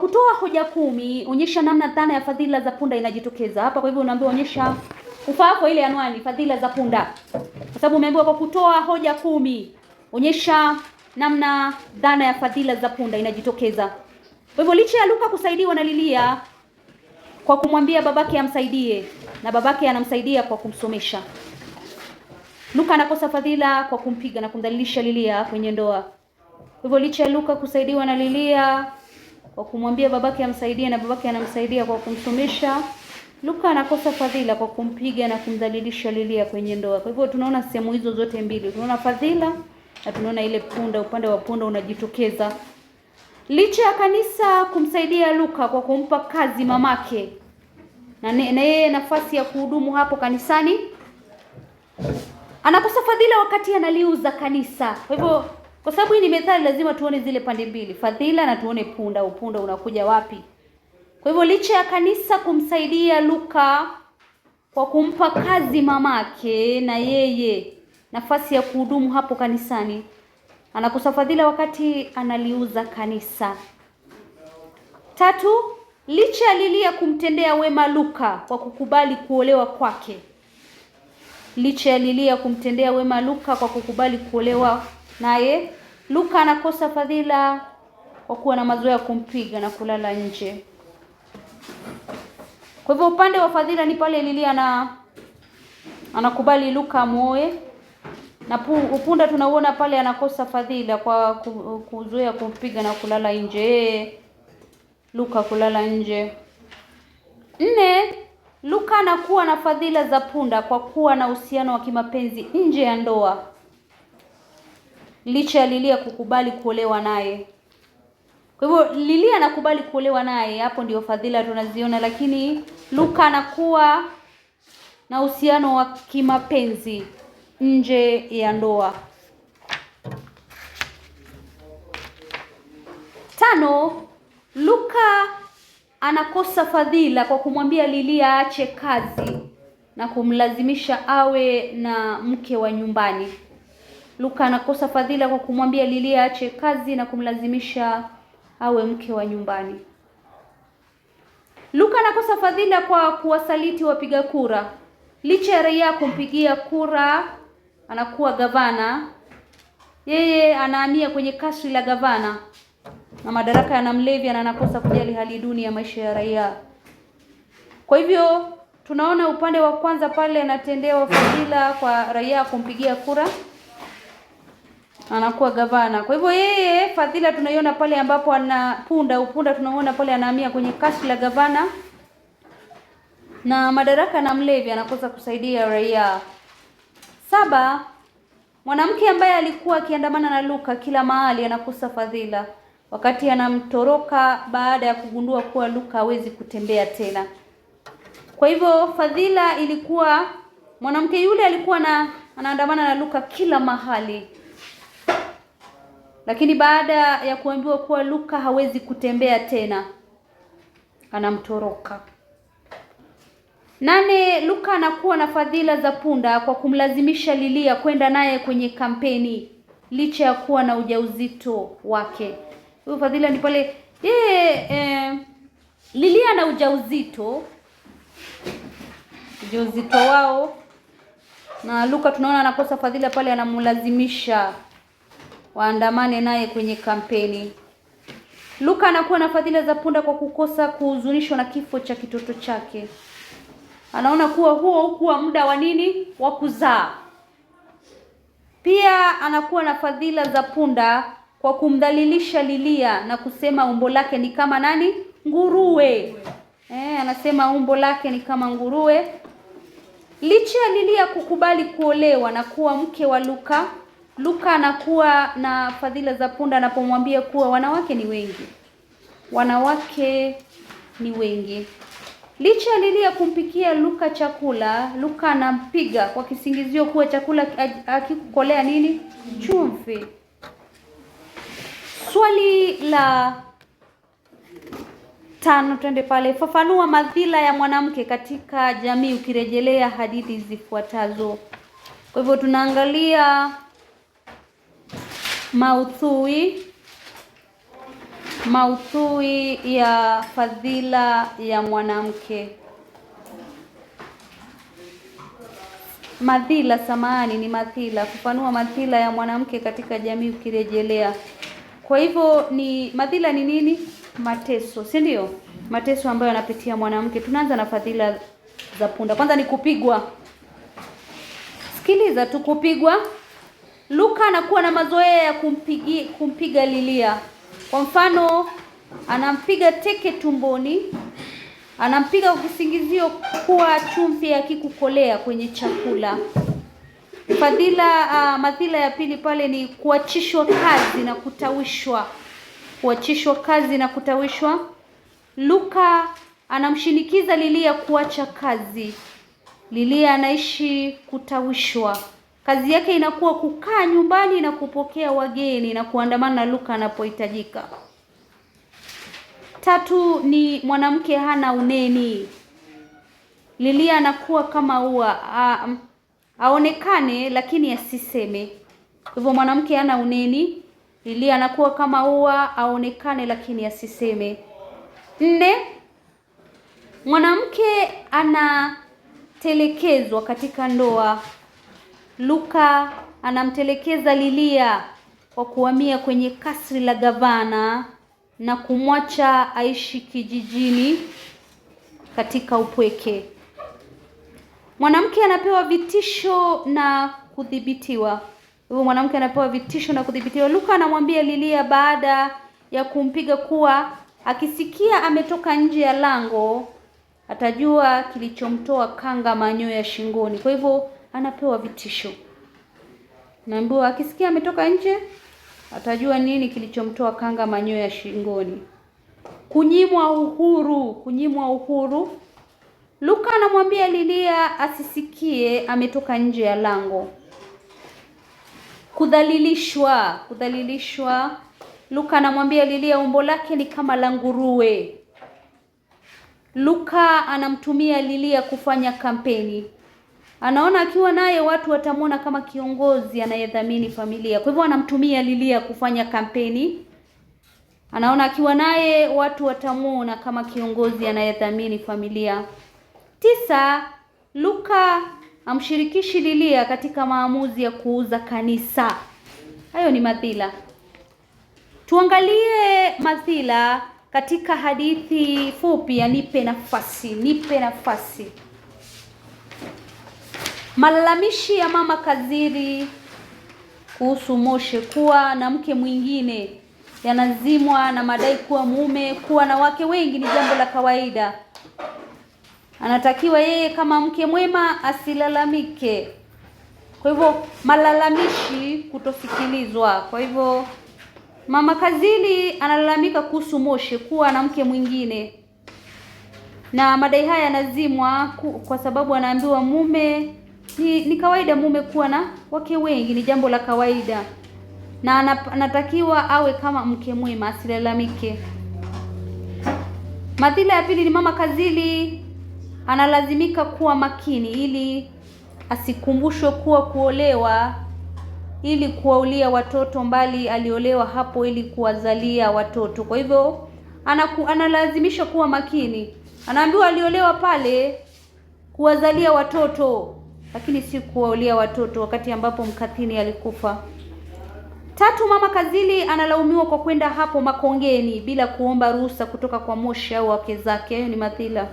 Kutoa hoja kumi, onyesha namna dhana ya fadhila za punda inajitokeza hapa. Kwa hivyo unaambiwa onyesha ufahamu ile anwani fadhila za punda, kwa sababu umeambiwa kwa kutoa hoja kumi onyesha namna dhana ya fadhila za punda inajitokeza. Kwa hivyo licha ya Luka kusaidiwa na Lilia kwa kumwambia babake amsaidie, na babake anamsaidia kwa kumsomesha, Luka anakosa fadhila kwa kumpiga na kumdhalilisha Lilia kwenye ndoa. Kwa hivyo licha ya Luka kusaidiwa na Lilia kwa kumwambia babake amsaidie, na babake anamsaidia kwa kumsomesha Luka anakosa fadhila kwa kumpiga na kumdhalilisha Lilia kwenye ndoa. Kwa hivyo tunaona sehemu hizo zote mbili, tunaona fadhila na tunaona ile punda, upande wa punda unajitokeza licha ya kanisa kumsaidia Luka kwa kumpa kazi mamake na yeye nafasi ya kuhudumu hapo kanisani, anakosa fadhila wakati analiuza kanisa. Kwa hivyo kwa sababu hii ni methali, lazima tuone zile pande mbili, fadhila na tuone punda, upunda unakuja wapi. Kwa hivyo licha ya kanisa kumsaidia Luka kwa kumpa kazi mamake na yeye nafasi ya kuhudumu hapo kanisani, anakosa fadhila wakati analiuza kanisa. Tatu, licha ya Lilia kumtendea wema Luka kwa kukubali kuolewa kwake, licha ya Lilia kumtendea wema Luka kwa kukubali kuolewa Naye Luka anakosa fadhila kwa kuwa na mazoea ya kumpiga na kulala nje. Kwa hivyo upande wa fadhila ni pale Lilia na anakubali Luka muoe na upunda tunauona pale anakosa fadhila kwa kuzoea kumpiga na kulala nje. Luka kulala nje. Nne, Luka anakuwa na fadhila za punda kwa kuwa na uhusiano wa kimapenzi nje ya ndoa licha ya Lilia kukubali kuolewa naye. Kwa hivyo Lilia anakubali kuolewa naye, hapo ndio fadhila tunaziona, lakini Luka anakuwa na uhusiano wa kimapenzi nje ya ndoa. Tano, Luka anakosa fadhila kwa kumwambia Lilia aache kazi na kumlazimisha awe na mke wa nyumbani. Luka anakosa fadhila kwa kumwambia Lilia aache kazi na kumlazimisha awe mke wa nyumbani. Luka anakosa fadhila kwa kuwasaliti wapiga kura. Licha ya raia kumpigia kura, anakuwa gavana, yeye anahamia kwenye kasri la gavana na madaraka yanamlevya na anakosa kujali hali duni ya maisha ya raia. Kwa hivyo tunaona upande wa kwanza pale anatendewa fadhila kwa raia kumpigia kura anakuwa gavana. Kwa hivyo yeye fadhila tunaiona pale ambapo anapunda upunda, tunaona pale anahamia kwenye kasi la gavana na madaraka na mlevi, anakosa kusaidia raia. Saba, mwanamke ambaye alikuwa akiandamana na Luka kila mahali anakosa fadhila wakati anamtoroka baada ya kugundua kuwa Luka hawezi kutembea tena. Kwa hivyo fadhila ilikuwa mwanamke yule alikuwa na anaandamana na Luka kila mahali. Lakini baada ya kuambiwa kuwa Luka hawezi kutembea tena, anamtoroka. Nane, Luka anakuwa na fadhila za punda kwa kumlazimisha Lilia kwenda naye kwenye kampeni licha ya kuwa na ujauzito wake. Huyo fadhila ni pale yeye eh, Lilia na ujauzito ujauzito wao, na Luka tunaona anakosa fadhila pale, anamlazimisha waandamane naye kwenye kampeni. Luka anakuwa na fadhila za punda kwa kukosa kuhuzunishwa na kifo cha kitoto chake. Anaona kuwa huo hukuwa muda wa nini wa kuzaa. Pia anakuwa na fadhila za punda kwa kumdhalilisha Lilia na kusema umbo lake ni kama nani? Nguruwe. Eh, anasema umbo lake ni kama nguruwe. Licha ya Lilia kukubali kuolewa na kuwa mke wa Luka, Luka anakuwa na fadhila za punda anapomwambia kuwa wanawake ni wengi, wanawake ni wengi. Licha alilia kumpikia Luka chakula, Luka anampiga kwa kisingizio kuwa chakula akikukolea nini, chumvi. Swali la tano, twende pale. Fafanua madhila ya mwanamke katika jamii ukirejelea hadithi zifuatazo. Kwa hivyo tunaangalia Maudhui maudhui ya fadhila ya mwanamke. Madhila, samahani, ni madhila. Kufanua madhila ya mwanamke katika jamii ukirejelea. Kwa hivyo ni madhila ni nini? Mateso, si ndio? Mateso ambayo anapitia mwanamke. Tunaanza na fadhila za punda. Kwanza ni kupigwa. Sikiliza tu, kupigwa Luka anakuwa na mazoea ya kumpigi, kumpiga Lilia. Kwa mfano, anampiga teke tumboni, anampiga kwa kisingizio kuwa chumvi akikukolea kwenye chakula. Fadhila uh, madhila ya pili pale ni kuachishwa kazi na kutawishwa. Kuachishwa kazi na kutawishwa. Luka anamshinikiza Lilia kuacha kazi. Lilia anaishi kutawishwa. Kazi yake inakuwa kukaa nyumbani na kupokea wageni na kuandamana na Luka anapohitajika. Tatu ni mwanamke hana uneni. Lilia anakuwa kama ua a, aonekane lakini asiseme. Kwa hivyo mwanamke hana uneni. Lilia anakuwa kama ua aonekane lakini asiseme. Nne, mwanamke anatelekezwa katika ndoa. Luka anamtelekeza Lilia kwa kuhamia kwenye kasri la gavana na kumwacha aishi kijijini katika upweke. Mwanamke anapewa vitisho na kudhibitiwa. Huyo mwanamke anapewa vitisho na kudhibitiwa. Luka anamwambia Lilia baada ya kumpiga kuwa akisikia ametoka nje ya lango atajua kilichomtoa kanga manyoya shingoni. Kwa hivyo anapewa vitisho. Naambiwa akisikia ametoka nje atajua nini kilichomtoa kanga manyoya shingoni. Kunyimwa uhuru, kunyimwa uhuru. Luka anamwambia Lilia asisikie ametoka nje ya lango. Kudhalilishwa, kudhalilishwa. Luka anamwambia Lilia umbo lake ni kama la nguruwe. Luka anamtumia Lilia kufanya kampeni anaona akiwa naye watu watamwona kama kiongozi anayedhamini familia. Kwa hivyo anamtumia Lilia kufanya kampeni. Anaona akiwa naye watu watamwona kama kiongozi anayedhamini familia. Tisa, Luka amshirikishi Lilia katika maamuzi ya kuuza kanisa. Hayo ni madhila. Tuangalie madhila katika hadithi fupi ya nipe nafasi, nipe nafasi. Malalamishi ya mama Kaziri kuhusu Moshe kuwa na mke mwingine yanazimwa na madai kuwa mume kuwa na wake wengi ni jambo la kawaida. Anatakiwa yeye kama mke mwema asilalamike. Kwa hivyo malalamishi kutosikilizwa. Kwa hivyo mama kazili analalamika kuhusu Moshe kuwa na mke mwingine, na madai haya yanazimwa kwa sababu anaambiwa mume ni, ni kawaida mume kuwa na wake wengi, ni jambo la kawaida, na anatakiwa awe kama mke mwema, asilalamike. Madhila ya pili ni mama kazili, analazimika kuwa makini ili asikumbushwe kuwa kuolewa ili kuwaulia watoto mbali, aliolewa hapo ili kuwazalia watoto. Kwa hivyo anaku, analazimisha kuwa makini, anaambiwa aliolewa pale kuwazalia watoto lakini si kuwaulia watoto wakati ambapo mkathini alikufa. Tatu, mama Kazili analaumiwa kwa kwenda hapo Makongeni bila kuomba ruhusa kutoka kwa Moshi au wake zake, ni Mathila.